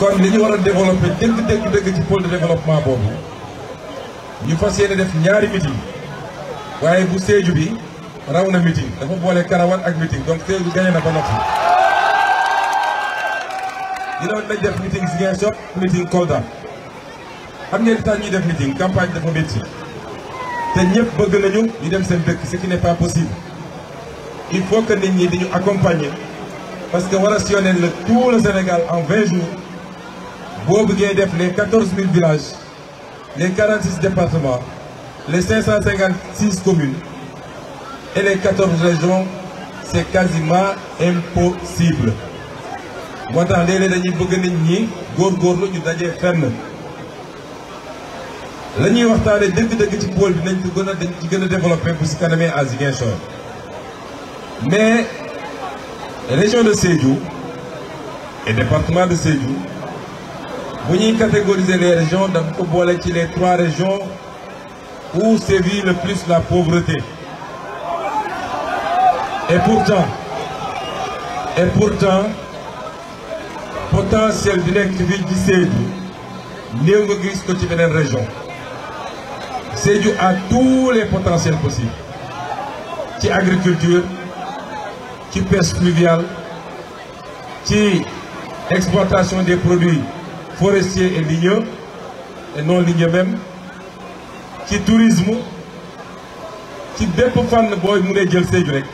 kon li ñu war a développé dëgg dëgg dëgg ci pôle de développement boobu ñu fas yéene def ñaari meeting waaye bu Sédhiou bi raw na meeting dafa boole karawat ak meeting donc Sédhiou gagné na ba noppi. ñu doon nañ def meeting Ziguinchor meeting Kolda xam ngeen tax ñuy def meeting campagne dafa métti te ñëpp bëgg nañu ñu dem seen dëkk ce possible il faut que nit ñi di ñu accompagner parce que war a sillonner le tout Sénégal en 20 boo bëggee def les quatorze mille villages les quarante six départements les cinq cent cinquante six communes et les quatorze régions c'est quasiment impossible moo tax léeg-léeg dañuy bëgg nit ñi góorgóorlu ñu dajee fenn la ñuy waxtaane dëgg-dëgg ci pôle bi nañ ko gën a dañ ci gën a développé bu si kanamee à Ziguinchor mais région de Sédhiou et département de Sédhiou bu ñuy catégoriser les régions daf ko boole ci les trois régions où sévit le plus la pauvreté et pourtant et pourtant potentiel bi nekk fii ci nga gis ci beneen région Sédhiou a tous les potentiels possibles ci agriculture ci pêche fluviale ci exploitation des produits forestiers et ligneux, et non ligneux même, ci tourisme ci bépp fànn booy mu ne jël Sédhiou rek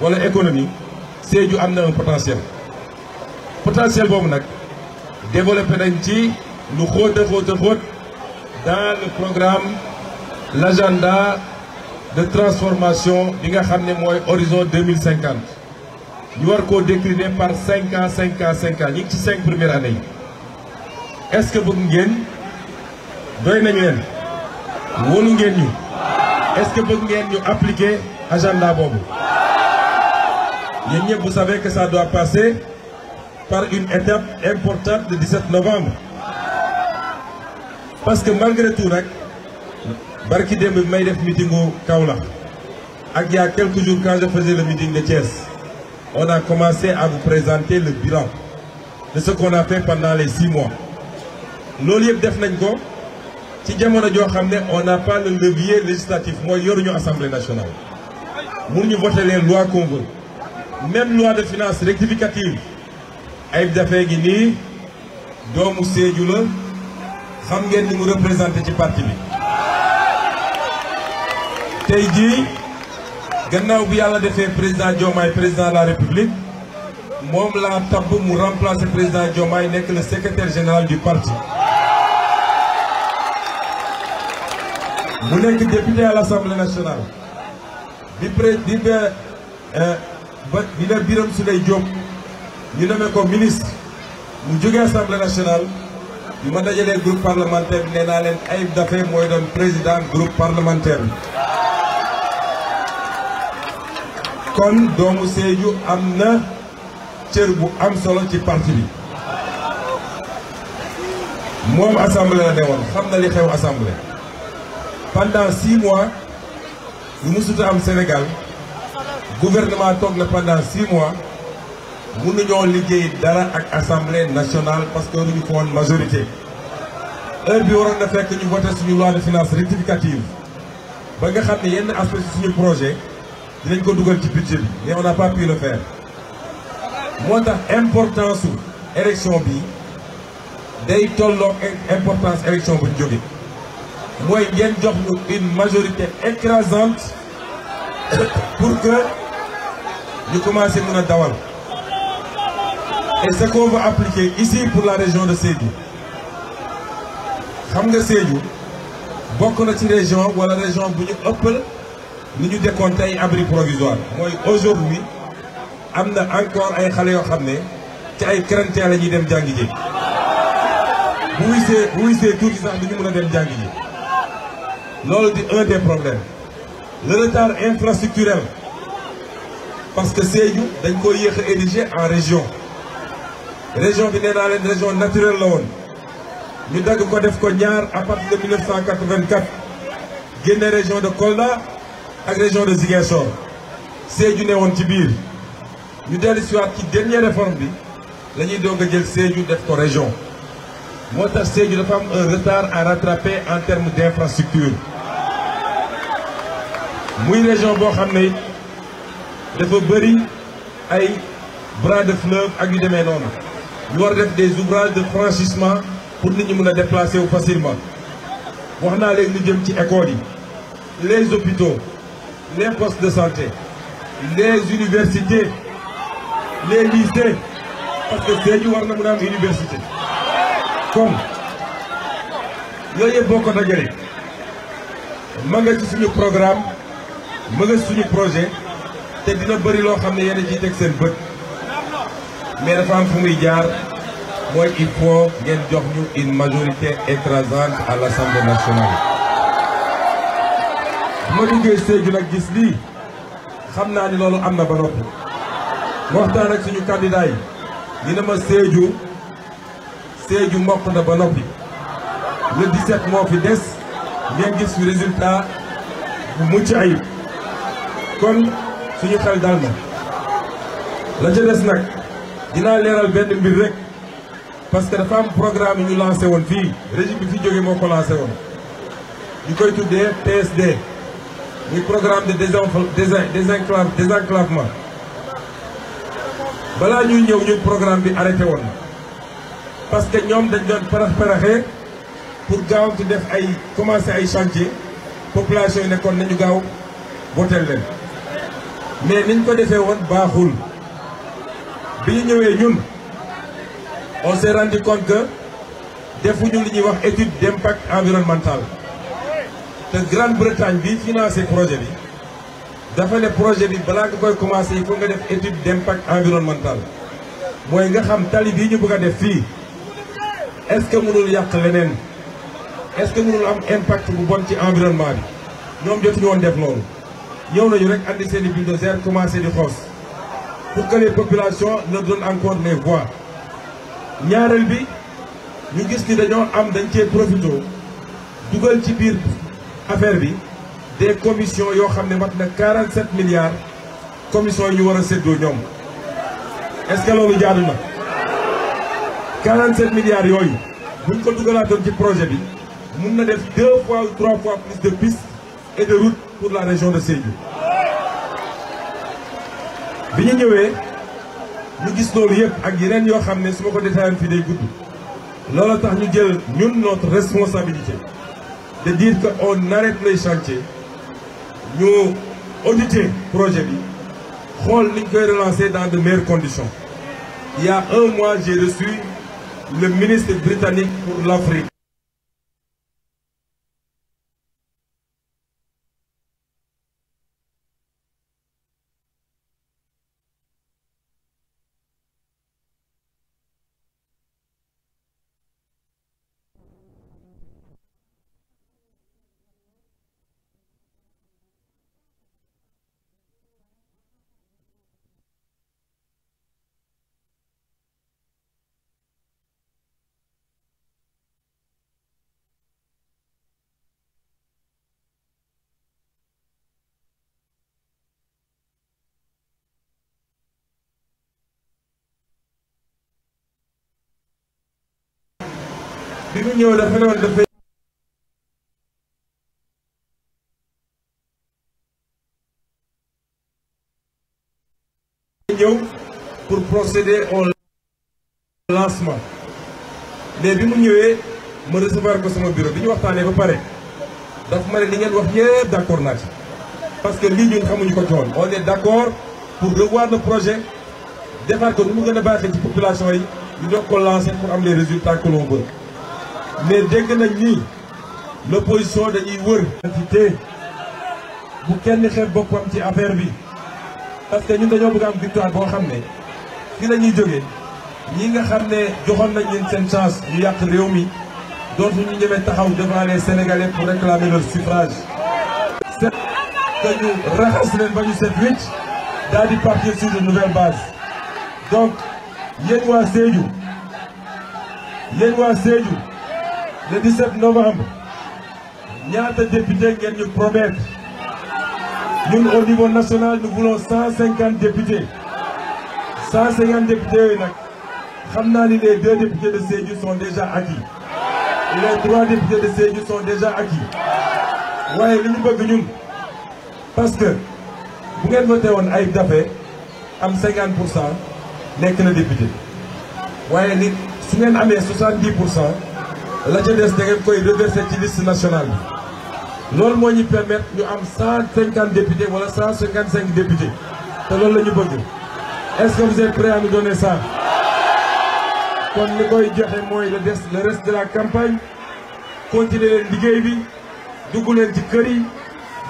wala économie Sédhiou am na un potentiel potentiel boobu nag développé nañ ci lu xóot a xóot a dans le programme l'agenda de transformation bi nga xam ne mooy horizon 2050 ñu war koo décliner par cinq ans cinq ans cinq ans ñu ci cinq premières yi est-ce que bëgg ngeen doy nañu leen wóolu ngeen ñu est-ce que bëgg ngeen ñu appliquer agenda boobu yéen ñëpp vous savez que ça doit passer par une étape importante le 17 novembre parce que malgré tout rek barki démb bi may def meetingu Kaolack ak y a quelques jours quand je faisais le meeting de Thiès on a commencé à vous présenter le bilan de ce qu'on a les six mois loolu yëpp def nañ ko ci jamono joo xam ne on n'a pas le levier législatif mooy yoruñu assemblée nationale. mënuñu voter leen loi qu'on veut même loi de finances rectificative ay Daffé gi nii doomu Sédhiou la xam ngeen ni mu représenté ci parti bi. tey jii gannaaw bi yàlla defee président Diomaye président la République moom laa tabb mu remplacer président Diomaye nekk le secretaire général du parti. mu nekk député à l' assemblée nationale bi pré bi eh, ba ba bi na Birame Souleye Diop ñu nommé ko ministre mu jóge assemblée nationale bi ma dajalee groupe parlementaire bi nee naa leen Ayib Daffé mooy doon président groupe parlementaire bi. kon doomu Sédhiou am na cër bu am solo ci parti bi moom assemblée la ne woon xam na li xew assemblée. pendant six mois lu mësut am Sénégal gouvernement toog na pendant six mois mënuñoo liggéey dara ak assemblée nationale parce que duñu foon majorité heure bi waroon na fekk ñu voté suñu loi de finances rectificative ba nga xam ne yenn aspect suñu projet dinañ ko dugal ci budget bi mais on n'a pas pu moo tax importance su élection bi day tolloog importance élection bu ñu mooy ngeen jox ñu une majorité écrasante pour que ñu commencé mën a dawal et ce qu'on va appliquer pour la région de Sédhiou xam nga Sédhiou bokk na ci région wala région bu ñu ëppal ni ñu dekkoon décompté ay abri provisoire mooy aujourd'hui am na encore ay xale yoo xam ne ci ay crainte la ñuy dem jàngi ji bu wisee bu wisee tuuti sax du ñu mën a dem jàngi ji loolu di un des problèmes le retard infrastructurel parce que Sédhiou dañ ko yéex a érigé en région région bi nee naa leen région naturelle la woon ñu dagg ko def ko ñaar à partir de 1984 génne région de Kolda ak région de Ziguinchor Sédhiou ne woon ci biir ñu dellu si waat ci dernière réforme bi la ñuy a jël Sédhiou def ko région moo tax Sédhiou dafa am un retard à rattraper en termes d'infrastructure muy région boo xam ne dafa bëri ay bras de fleuve ak yu demee noonu ñu war def des ouvrages de franchissement pour nit ñi mën a déplacer wu facilement wax naa léegi lu jëm ci écoles yi les hôpitaux les postes de santé les universités les lycées parce que war na mën a am université comme yooyu yëpp ko dajalee ma suñu programme mëgal suñu projet te dina bari loo xam ne yéen a ciy teg seen bët mais dafa am fu muy jaar mooy il faut ngeen jox ñu une majorité écrasante à l'Assemblée nationale. ma duggee Sédhiou nag gis lii xam naa ni loolu am na ba noppi waxtaan ak suñu candidat dina ma Sédhiou Sédhiou mokk na ba noppi le 17 moo fi des ngeen gis résultat bu mucc ayib. kon suñu xel dal na la ca des nag dinaa leeral benn mbir rek parce que dafa am programme yu ñu lancé woon fii régime bi fi jóge moo ko lancé woon ñu koy tuddee PSD muy programme de désenclave désenclavement balaa ñuy ñëw ñu programme bi arrêté woon parce que ñoom dañ doon parax paraxee pour gaaw def ay commencé ay chantier population yi nekkoon nañu gaaw votel leen mais niñ ko defee woon baaxul bi ñu ñëwee ñun on s'est rendu compte que defuñu li ñuy wax étude d'impact environnemental te Grande-Bretagne bi financé projet bi dafa ne projet bi balaa nga koy commencé il faut nga def étude d'impact environnemental mooy nga xam tali bii ñu bëgg a def fii est-ce que mënul yàq leneen est-ce que mënul am impact bu bon ci environnement bi ñoom jotuñu woon def loolu. ñëw nañu rek andi seen i bulldozer commencé di xoos pour que les populations encore les voix ñaareel bi ñu gis ni dañoo am dañ cee profité dugal ci biir affaire bi des commissions yoo xam ne mat na 47 milliards commission yi war a séddoo ñoom est-ce que loolu jaadu na 47 yooyu buñ ko dugalaatoon ci projet bi mun na def deux et la région de Sédhiou bi ñu ñëwee ñu gis loolu yëpp ak yeneen yoo xam ne su ma ko détaillé fii day gudd loolu tax ñu jël ñun notre responsabilité de dire que on arrête les chantiers ñu auditer projet bi xool niñ koy relancer dans de meilleures conditions il un mois j'ai reçu le ministre britannique pour l'Afrique li mu ñëw dafa ne woon dafa ñëw pour procéder au lancement mais bi mu ñëwee ma recevoir ko sama bureau bi ñu waxtaanee ba pare daf ma ne li ngeen wax yëpp d'accord naa ci parce que lii ñun xamuñu ko coon on est d'accord pour revoir le projet defar ko nu mu gën a baaxee ci population yi ñu doog ko lancer pour am les résultats que l'on veut mais dégg nañ ni l'opposition dañuy wër entité bu kenn xeeb boppam ci affaire bi parce que ñun dañoo bëgg am victoire boo xam ne fi la ñuy jógee ñi nga xam ne joxoon nañ leen seen chance ñu yàq réew mi dootuñu ñemee taxaw devant les sénégalais pour réclamer leur suffrage. seet dañu raxas leen ba ñu set wicc daal di partir sur de nouvelle base donc yéen waa Sédhiou yéen waa Sédhiou. le 17 novembre ñaata député ngeen ñu promettre ñun au niveau national nous voulons 150 députés 150 députés yooyu nag xam naa ni les deux députés de Sédhiou sont déjà acquis les trois députés de Sédhiou sont déjà acquis waaye li ñu bëgg ñun parce que bu ngeen voté woon Ayib Daffé am 50 pour cent nekk na député waaye nit su ngeen amee 70 pour cent. la ca des da ngeen koy reversé ci liste nationale bi loolu moo ñu permettre ñu am 150 députés wala 155 députés te loolu la ñu bëgg est-ce que vous êtes prêts à nous donner ça kon li koy joxe mooy le des le reste de la campagne continuer liggéey bi dugg leen ci kër yi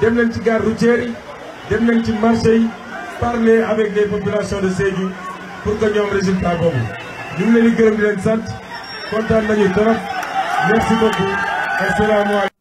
dem leen ci gare routière yi ci marché yi parler avec les populations de Sédhiou pour que ñoom résultat boobu ñu ngi leen gërëm di leen sant kontaan nañu trop. merci beaucoup asalaamaaleykum